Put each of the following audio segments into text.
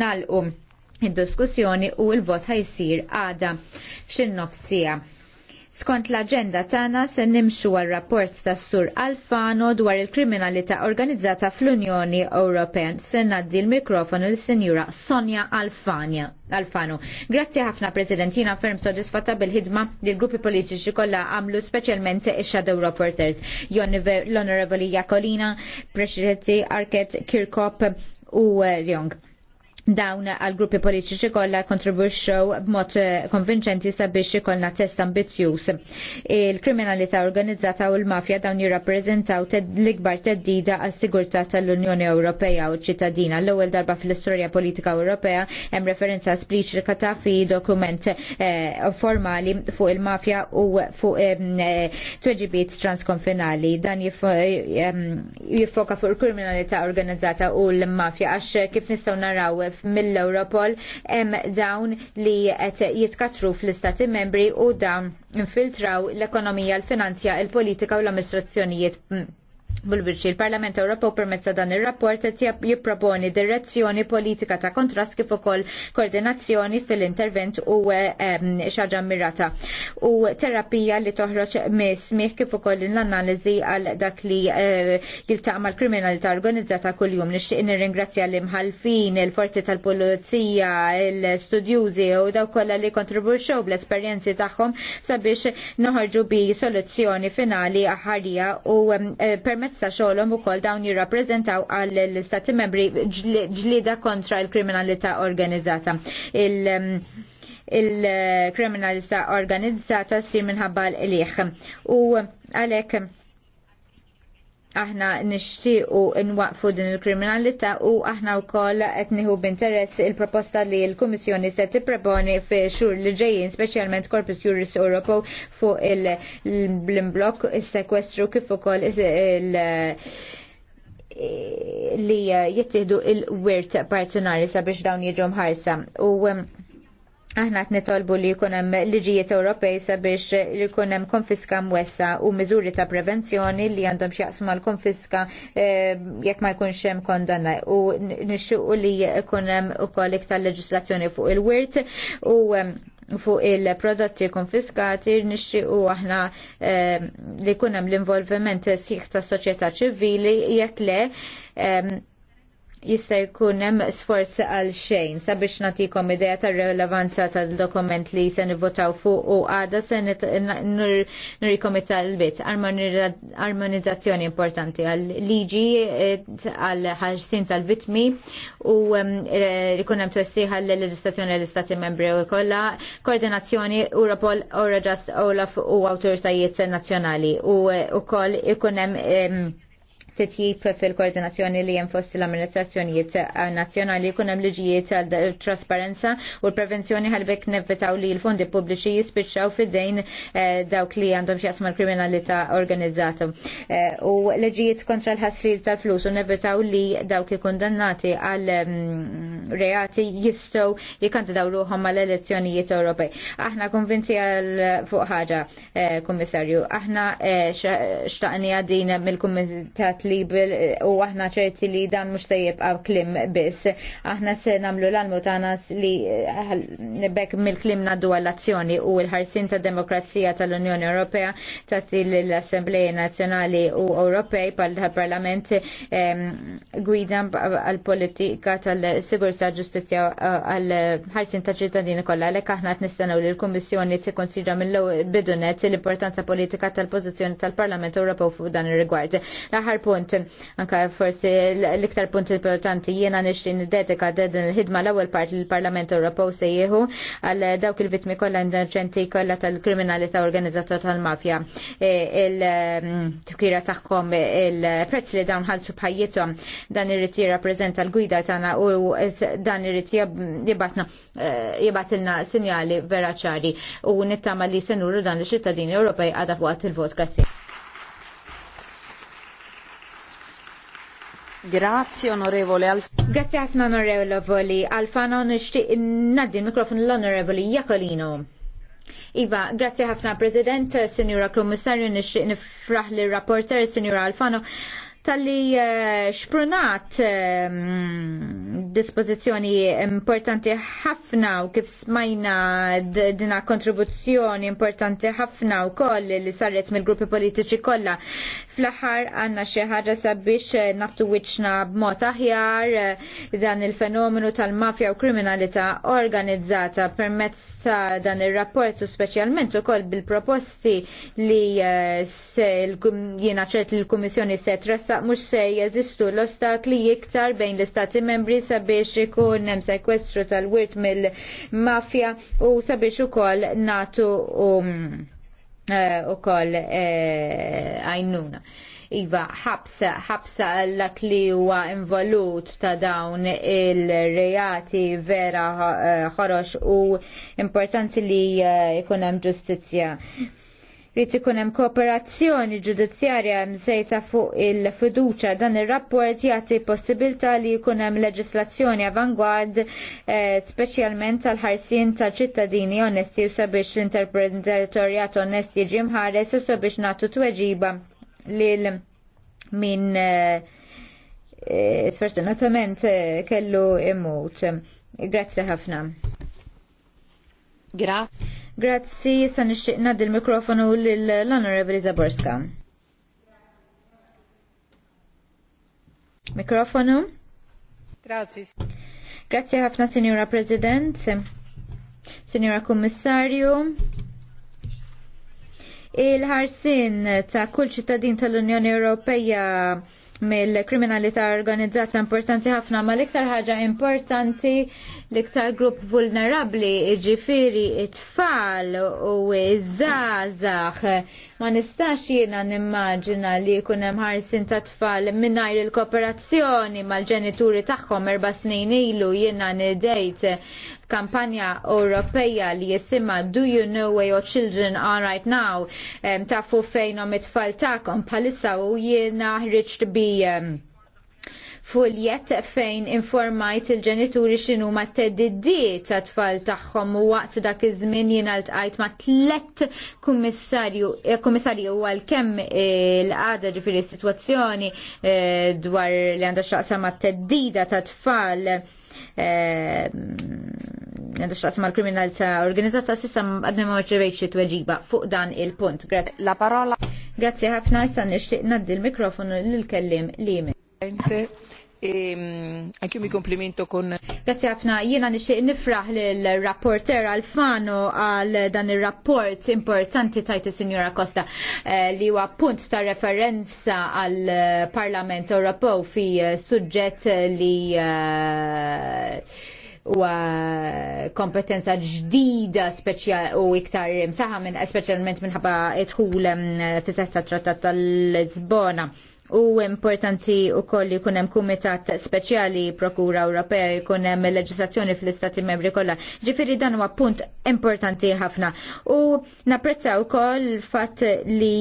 nalqu id-diskussjoni u l-vot ħajsir għada f'xin-nofsija. Skont l-agenda tagħna se nimxu għal rapport tas Sur Alfano dwar il-kriminalità organizzata fl-Unjoni Ewropea. Se naddi l-mikrofonu lis senjura Sonja Alfania. Alfano. Grazzi ħafna President, jiena ferm sodisfatta bil-ħidma li l-gruppi politiċi kollha għamlu speċjalment ix-Shadow Reporters. L-Onorevoli Jakolina, Presidenti Arket Kirkop u Jong eh, dawn għal gruppi politiċi kollha kontribuxxew b'mod eh, konvinċenti sabiex ikollna test ambizzjuż. Il-kriminalità organizzata u l-mafja dawn jirrappreżentaw l-ikbar teddida għas sigurtà tal-Unjoni Ewropea u ċittadina. L-ewwel darba fl-istorja politika Ewropea hemm referenza spliċika ta' fi dokument eh, formali fuq il-mafja u fuq eh, tweġibiet transkonfinali. Dan jiffoka fuq il-kriminalità organizzata u l-mafja għax kif nistgħu naraw mill-Europol hemm dawn li qed jitkatru fl-istati membri u dawn infiltraw l-ekonomija, l-finanzja, il-politika u l-amministrazzjonijiet Bulbirċi, il-Parlament Ewropew permezz ta' dan ir-rapport qed jipproponi direzzjoni politika ta' kontrast kif ukoll koordinazzjoni fil-intervent u ehm, xaġa mirata u terapija li toħroġ mismih kif ukoll l-analiżi għal dak li jiltaq eh, mal-kriminalità organizzata kuljum. Nixtieq nirringrazzja l-imħalfin, il-forzi tal-pulizija, l-studjużi u daw kollha li kontribuxxew bl-esperjenzi tagħhom sabiex noħorġu bi soluzzjoni finali aħarija u eh, permezz ta' xogħolhom ukoll dawn jirrappreżentaw għal l-istati membri ġlida kontra l-kriminalità organizzata. Il, um, il-kriminalità organizzata sir minħabba l-liħ. U għalhekk aħna nixtiequ nwaqfu din il-kriminalità u aħna wkoll qed nieħu b'interess il-proposta li l-Kummissjoni se tipproponi fi xur li ġejjin speċjalment Corpus Juris Europo fuq il-blimblok is-sekwestru kif ukoll il- li jittieħdu il-wirt partonari sabiex dawn jiġu mħarsa. U Aħna qed nitolbu li jkun hemm liġijiet Ewropej sabiex li jkun hemm konfiska mwessa u miżuri ta' prevenzjoni li għandhom x'jaqsmu mal-konfiska eh, jekk ma jkunx hemm kondanna u nixxuqu li jkun hemm ukoll iktar leġislazzjoni fuq il-wirt u fuq il-prodotti konfiskati nixtiequ aħna eh, li jkun hemm l-involviment sħiħ tas soċjetà ċivili jekk le jista' jkun hemm sforz għal xejn sabiex nagħtikom idea tar-relevanza tal-dokument li se nivvotaw fuq u għada se nurikom it talbit Armonizzazzjoni importanti għal liġi eh, għal ħarsin tal-vitmi u jkun eh, hemm twessi għal l-istazzjoni l-istati membri u kolla koordinazzjoni Europol, Eurojust, Olaf u awtoritajiet nazzjonali u eh, koll ikun hemm titjib fil-koordinazzjoni li jem fost l-amministrazzjonijiet eh, nazjonali kun hemm liġijiet għal trasparenza u l-prevenzjoni ħalbek nevvetaw li l-fondi pubbliċi jispiċċaw fid-dejn eh, dawk li għandhom xjaqsma l-kriminalità organizzata. Eh, u liġijiet kontra l-ħassil tal-flus u nevitaw li dawk ikundannati għal mm, reati jistow jikandidaw ruħom għal elezzjonijiet Ewropej. Aħna konvinzi għal fuq ħaġa, Kummissarju. Aħna xtaqni għadina mill-Kumitat libel eh, u aħna ċerti li dan mhux se jibqa' klim biss. Aħna se nagħmlu l-almu tagħna li nebek eh, mill-klim naddu għall-azzjoni u l-ħarsin ta' demokrazija tal-Unjoni Ewropea ta l-Assembleji Nazzjonali u Ewropej pal-Parlament ehm, gwida għall-politika tal sigurta ġustizzja eh, għall-ħarsin ta' ċittadini kollha Lek aħna qed nistanaw li l-Kummissjoni konsidra mill-bidunet l-importanza politika tal pozizjoni tal-Parlament Ewropew fuq dan ir-rigward punt anka forsi l-iktar punt importanti jiena nixtri niddedika dedin il-ħidma l-ewwel part l-Parlament Ewropew se jieħu għal dawk il-vittmi kollha indiġenti kollha tal-kriminalità organizzata tal-mafja. E, Il-tifkira mm, tagħhom il-prezz li dawn ħalsu bħajjithom dan irrid jirrappreżenta l-gwida tagħna u dan irrid jibatna e, jibatilna sinjali vera ċari u nittama li senuru dan li ċittadini Ewropej għadha waqt il-vot. klassi. Grazie onorevole Alfano. Grazie ħafna onorevoli Alfano, nixtieq naddi mikrofon l-onorevoli Jacolino. Iva, grazie ħafna President, Signora Kommissarju, nixtieq nifraħ l-rapporter, Signora Alfano tal-li eh, xprunat eh, dispozizjoni importanti ħafna u kif smajna dina kontribuzzjoni importanti ħafna u koll li sarret mill-gruppi politiċi kollha. Fl-aħħar għandna xi ħaġa sabiex eh, naftu wiċċna b'mod aħjar dan il-fenomenu tal-mafja u kriminalità organizzata permezz ta' dan ir-rapport u speċjalment ukoll bil-proposti li jiena ċert l-Kummissjoni se tressa x'jaqsaq mhux se jeżistu l-ostakli iktar bejn l-istati membri sabiex ikun hemm sekwestru tal-wirt mill-mafja u sabiex ukoll natu um, eh, ukoll eh, għajnuna. Iva, ħabsa, ħabsa l li huwa involut ta' dawn il-rejati vera eh, ħorox u importanti li jkun hemm ġustizzja Rrit ikun hemm kooperazzjoni ġudizzjarja msejsa fuq il-fiduċa dan ir-rapport jagħti possibilità li jkun hemm leġislazzjoni avangward eh, speċjalment tal ħarsien tal ċittadini onesti u sabiex l-interpretatorjat onesti ġie mħares u sabiex nagħtu tweġiba lil min eh, sfortunatament eh, kellu immut. Grazzi ħafna. Grazie. Grazzi, sa' nixtieq ngħaddi l-mikrofonu lill-Honorable Zaborska. Mikrofonu? Grazzi. Grazzi ħafna, Signora President, Signora Kummissarju, il-ħarsin ta' kull ċittadin tal-Unjoni Ewropeja mill-kriminalità organizzata importanti ħafna ma l-iktar ħaġa importanti l-iktar grupp vulnerabli ġifiri it-tfal u iż-żazax Ma nistax jiena nimmaġina li jkun hemm ħarsin ta' tfal mingħajr il-kooperazzjoni mal-ġenituri tagħhom erba' snin ilu jiena nidejt kampanja Ewropeja li jisima Do you know where your children are right now? Um, tafu fejnhom it-tfal tagħkom bħalissa u jiena ħriġt bi um, il-jett fejn informajt il-ġenituri xinu ma teddiddi ta' tfal tagħhom u waqt dak iż-żmien jiena ltqajt ma' tlett kummissarju eh, kummissarju għal kemm il-qagħda eh, ġifieri situazzjoni eh, dwar li għandha x'aqsam ma' teddida ta' tfal xaqsa xaqsma l-kriminalità organizzata sissa għadni ma ċervejċi tweġiba fuq dan il-punt. La parola. Grazie ħafna, issa nishtiq naddi l-mikrofonu l-kellim li Presidente. E, ehm, anche mi complimento con. Grazie Afna, jiena nixtieq nifraħ lill-rapporter Alfano għal dan ir-rapport importanti tajti signora sinjora Costa eh, li huwa punt ta' referenza għal Parlament Ewropew fi eh, suġġett li eh, u kompetenza ġdida speċjal u iktar msaħa minn speċjalment minħabba tħul fis-setta trattat tal-Lisbona. U importanti u koll jkun hemm kumitat speċjali Prokura Ewropea jkun hemm leġislazzjoni fl-Istati Membri kollha. Ġifieri dan huwa punt importanti ħafna. U napprezza wkoll fatt li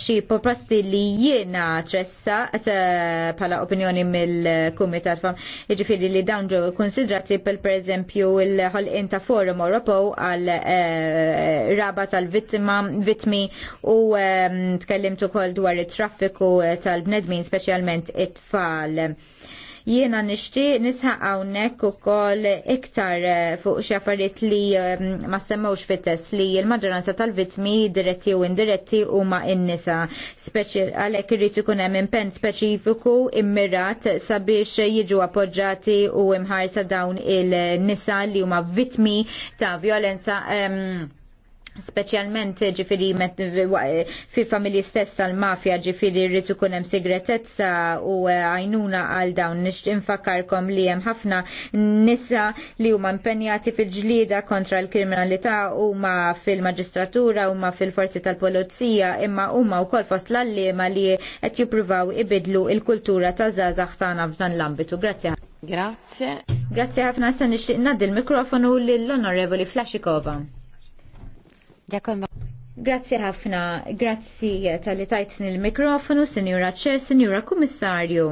xi proposti li jiena ċessa pala eh, opinjoni mill-Kumitat fam jiġifieri li dawn ġew konsidrati per pereżempju l-ħolqien ta' Forum Ewropew għal eh, raba tal vittima vittmi u ehm, tkellimt ukoll dwar it-traffiku tal-bnedmin speċjalment it-tfal. Jiena nixtieq nisħaq hawnhekk ukoll iktar eh, fuq xi affarijiet li ehm, ma semmewx fit-test li l-maġġoranza tal-vittmi diretti u indiretti huma n-nisa. Speċi għalhekk irid ikun hemm impenn speċifiku immirat sabiex jiġu appoġġati u imħarsa dawn il-nisa li huma vittmi ta' violenza um, specialment ġifiri fi familji stess tal-mafja ġifiri rrit ikun hemm segretezza u eh, għajnuna għal dawn nix infakarkom li hemm ħafna nisa li huma impenjati fil-ġlida kontra l-kriminalità huma fil-maġistratura huma fil-forzi tal-polizija imma huma wkoll fost l-allima li qed jippruvaw ibidlu il-kultura ta' żgħażagħ tagħna f'dan l-ambitu. Grazzi. Grazie. Grazie ħafna se nixtieq ngħaddi l-mikrofonu lill-Onorevoli Flashikova. Grazzi ħafna, grazzi tal-li tajtni l-mikrofonu, Senjura Ċer, Senjura Kummissarju.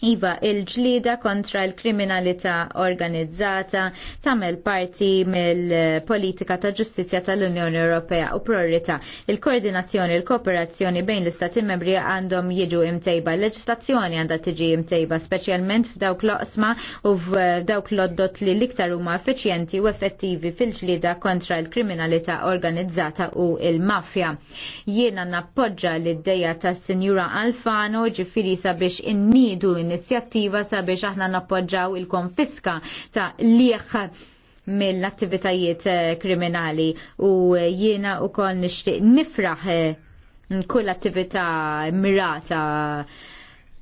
Iva, il-ġlida kontra l-kriminalità organizzata tamel parti mill-politika ta' ġustizja tal-Unjoni Ewropea u priorità. Il-koordinazzjoni, il-kooperazzjoni bejn l-istati membri għandhom jiġu imtejba. L-leġislazzjoni għandha tiġi imtejba, speċjalment f'dawk l-oqsma u f'dawk l-oddot li l-iktar huma effiċjenti u effettivi fil-ġlida kontra l-kriminalità organizzata u il-mafja. Jiena nappoġġa l-iddeja ta' Sinjura Alfano ġifiri sabiex innidu in inizjattiva sabiex aħna nappoġġaw il-konfiska ta' liħ mill-attivitajiet eh, kriminali u eh, jiena u koll nishtiq nifraħ eh, kull attività mirata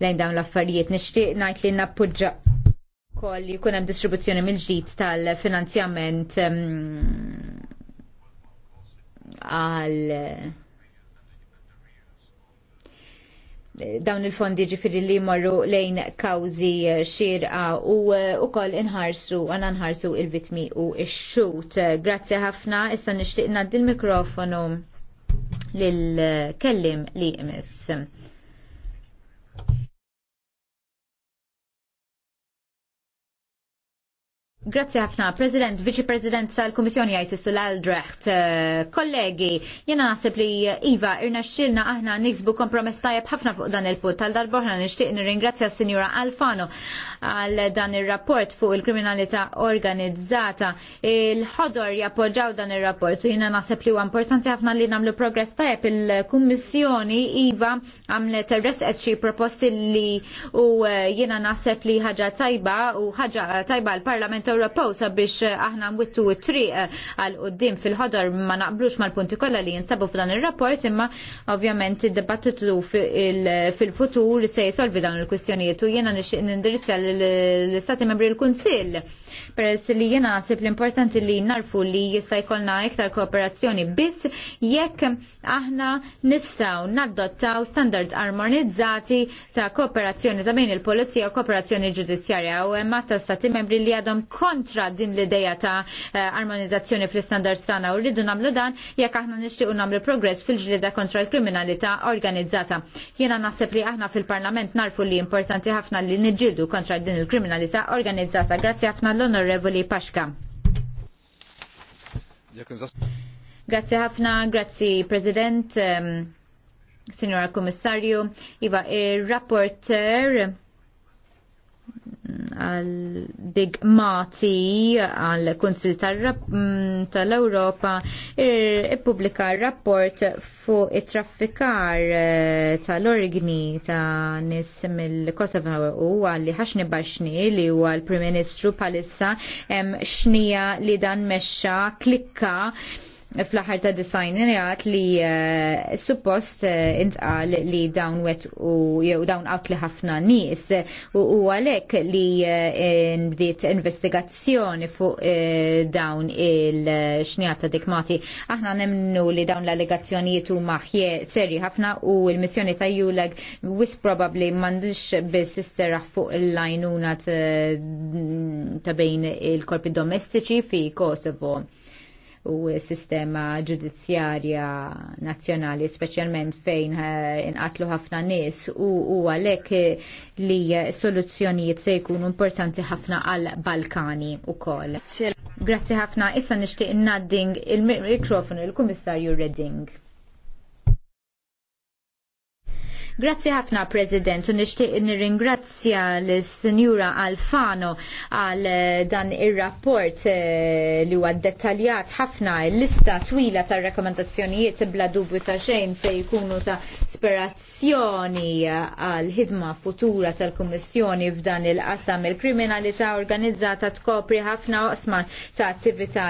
lejn dawn l-affarijiet nixtieq ngħid li nappoġġa wkoll jkun hemm distribuzzjoni mill-ġdid tal-finanzjament mm, għal um, dawn il-fondi ġifiri li marru lejn kawzi xirqa u u koll inħarsu, għana nħarsu il-vitmi u il-xut. Grazzi ħafna, issa nishtiqna dil-mikrofonu lil-kellim li imis. Grazie ħafna, President, Vice President sal-Komissjoni għajt issu l-Aldrecht. Eh, kollegi, jena nasib li Iva, irna xilna aħna nixbu kompromess tajab ħafna fuq dan il-put. Tal-darbohna nishtiq nirringrazzja s-Sinjura Alfano għal dan il-rapport fuq il-kriminalità organizzata. Il-ħodor jappoġġaw dan il-rapport u jena nasib li u importanti ħafna li namlu progress tajab il-Kommissjoni Iva għamlet resqet xie proposti li u eh, jena nasib li ħagġa tajba u ħagġa tajba l-Parlament Ewropew biex eh, aħna mwittu t-triq eh, għal qoddim fil-ħodar ma naqblux mal-punti kollha li jinsabu f'dan ir-rapport imma ovvjament id-dibattitu fil-futur se jisolvi dawn il-kwistjonijiet u jiena nixtieq nindirizza l-Istati Membri l-Kunsill Peress li jena nasib l-importanti li narfu li jista' jkollna iktar kooperazzjoni biss jekk aħna nistgħu naddottaw standards armonizzati ta' kooperazzjoni ta' bejn il-Polizija u kooperazzjoni ġudizzjarja u hemm ta' stati membri li għadhom kontra din l-idea ta' eh, armonizzazzjoni fl-standards tagħna u rridu nagħmlu dan jekk aħna nixtiequ nagħmlu progress fil-ġlieda kontra l-kriminalità organizzata. Jiena naħseb li aħna fil-Parlament narfu li importanti ħafna li nġildu kontra din il-kriminalità organizzata. Grazie ħafna għall-Onorevoli Paxka. Grazie ħafna, grazie President, um, Signora Commissario, Iva, il-rapporter Eh, għal big mati għal konsil mm, tal-Europa il-publika rapport fuq it-traffikar eh, tal-orgni ta' nis mill-Kosovo u għalli ħaxni baxni li huwa l-Prim Ministru palissa xnija li dan mexxa klikka fl-aħħar ta' design jgħat li eh, suppost eh, intqal li dawn wet u jew dawn li ħafna nies u, u għalhekk li eh, nbdiet bdiet investigazzjoni fuq dawn il-xnjata dikmati. Aħna nemnu li dawn l-allegazzjonijiet huma serji ħafna u l-missjoni ta' Juleg wis probably m'għandix biss isseraħ fuq il-lajnuna ta' bejn il-korpi domestiċi fi Kosovo u sistema ġudizzjarja nazzjonali, speċjalment fejn eh, inqatlu ħafna nies u huwa għalhekk eh, li soluzzjonijiet se jkunu importanti ħafna għal Balkani wkoll. Grazzi ħafna, issa nixtieq nadding il-mikrofonu il-Kummissarju Redding. Grazzi ħafna, President, u nixtieq nirringrazzja l-Sinjura Alfano għal eh, dan ir-rapport eh, li huwa dettaljat ħafna l-lista twila tar rekomendazzjonijiet bla dubju ta' xejn se jkunu ta' sperazzjoni għal ħidma futura tal-Kummissjoni f'dan il-qasam il-kriminalità organizzata tkopri ħafna oqsma ta' attività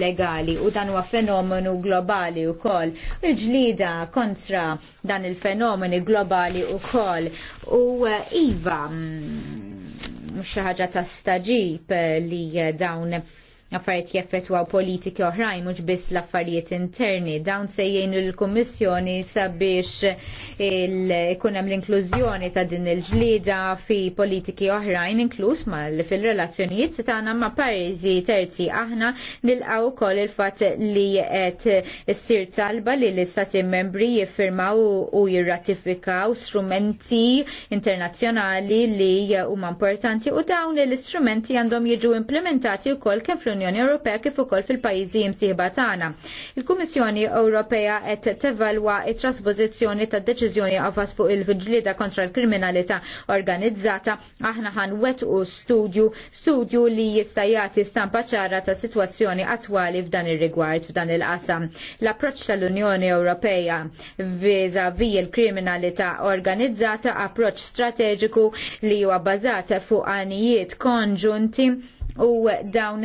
legali u dan huwa fenomenu globali wkoll. kol. Iġlida kontra dan il-fenomeni globali globali u wkoll. U eh, iva, mux mm, ta' staġib eh, li eh, dawn affarijiet jaffetwaw politiki oħrajn mhux biss l-affarijiet interni. Dawn se jgħinu l-Kummissjoni sabiex ikun hemm l-inklużjoni ta' din il-ġlieda fi politiki oħrajn inkluż fil-relazzjonijiet tagħna ma' pajjiżi terzi aħna nilqgħu wkoll il-fatt li qed issir talba li l-istati membri jiffirmaw u jirratifikaw strumenti internazzjonali li huma importanti u dawn l-istrumenti għandhom jiġu implementati wkoll kemm fl-Unjoni Ewropea kif ukoll fil-pajjiżi imsieħba tagħna. Il-Kummissjoni Ewropea qed tevalwa t traspożizzjoni ta' deċiżjoni qafas fuq il-ġlieda kontra l-kriminalità organizzata. Aħna ħan wetqu studju, studju li jista' jagħti stampa ċara ta' sitwazzjoni attwali f'dan ir-rigward f'dan il-qasam. L-approċċ tal-Unjoni Ewropea viża vi l-kriminalità organizzata approċċ strateġiku li huwa bbażat fuq għanijiet konġunti u dawn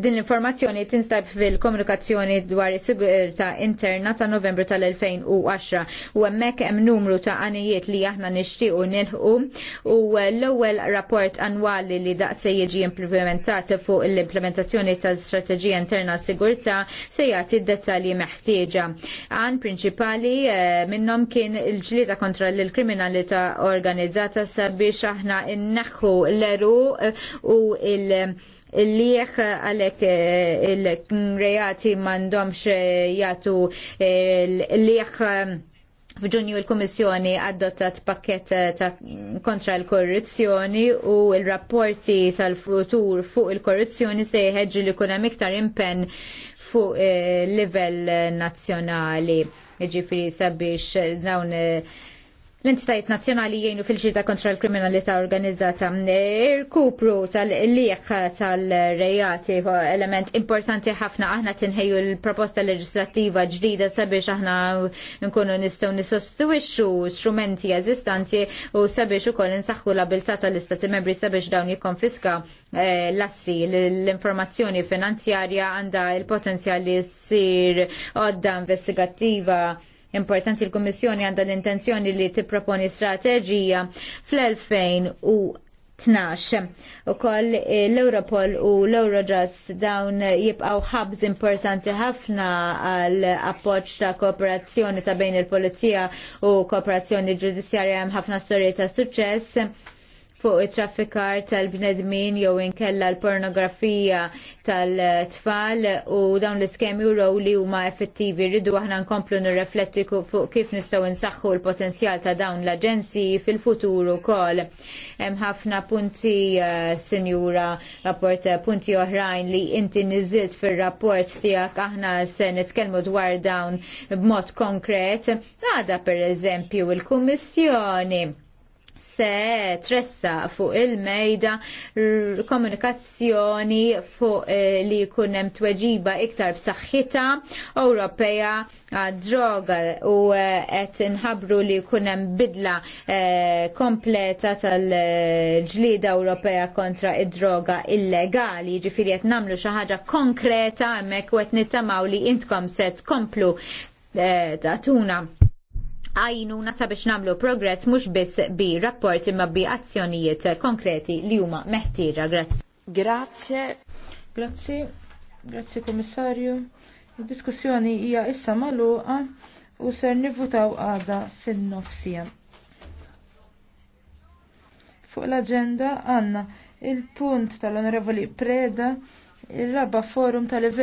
din l-informazzjoni tinstab fil-komunikazzjoni dwar is-sigurta interna ta' Novembru tal-2010 u hemmhekk hemm numru ta' għanijiet li aħna nixtiequ nilħu u l-ewwel rapport annwali li se jiġi implementat fuq l-implementazzjoni ta' strateġija interna sigurta se jagħti d-dettalji meħtieġa. Għan prinċipali eh, minnhom kien il-ġlieda kontra l-kriminalità organizzata sabiex aħna nneħħu l-eru eh, u il il- lieħ għalek eh, il-reati mandomx eh, jatu eh, il-lieħ F'Ġunju il-Kummissjoni adottat pakket ta' kontra l-korruzzjoni u il-rapporti tal-futur fuq il-korruzzjoni se jħeġġu li kuna miktar impenn fuq il livell nazzjonali. Ġifiri sabiex dawn l-entitajiet nazzjonali jgħinu fil-ġida kontra l-kriminalità organizzata R-kupru tal liħ tal-rejati element importanti ħafna aħna tinħeju l-proposta leġislattiva ġdida sabiex aħna nkunu nistgħu nisostuwixxu strumenti eżistanti u sabiex ukoll insaħħu l-abilità tal-istati membri sabiex dawn jikkonfiska eh, l-assi l-informazzjoni finanzjarja għandha il potenzjali li ssir għodda investigattiva Importanti l-Kummissjoni għandha l-intenzjoni li tipproponi strateġija fl-2012. U koll eh, l-Europol u l-Eurojust dawn jibqaw ħabs importanti ħafna għal appoċ ta' kooperazzjoni ta' bejn il-Polizija u kooperazzjoni ġudizzjarja hemm ħafna storji ta' suċċess fuq it-traffikar tal-bnedmin jew inkella l-pornografija tal-tfal u dawn l-iskemi u li huma effettivi rridu aħna nkomplu nirrefletti fuq kif nistgħu nsaħħu l-potenzjal ta' dawn l-aġenzi fil-futur ukoll. Hemm ħafna punti eh, sinjura rapport eh, punti oħrajn li inti niżilt fir-rapport tiegħek aħna se nitkellmu dwar dawn b'mod konkret. Għada pereżempju il-Kummissjoni se tressa fuq il-mejda komunikazzjoni fuq eh, li kunem tweġiba iktar b'saħħita Ewropea droga u eh, qed inħabru li kunem bidla eh, kompleta tal-ġlida Ewropea kontra id-droga illegali, ġifiri qed nagħmlu xi ħaġa konkreta hemmhekk u qed nittamaw li intkom se tkomplu tatuna għajnuna sabiex namlu progress mhux biss bi rapport imma bi azzjonijiet konkreti li huma meħtira. Grazzi. Grazie. Grazzi. Grazie Komissarju. Id-diskussjoni hija issa magħluqa u ser nivutaw għada fin-nofsija. Fuq l-agenda għanna il-punt tal-Onorevoli Preda il-raba forum tal-livell